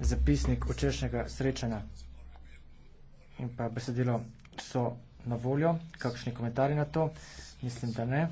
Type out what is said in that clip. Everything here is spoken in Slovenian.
zapisnik včerajšnjega srečanja in pa besedilo so na voljo. Kakšni komentarji na to? Mislim, da ne.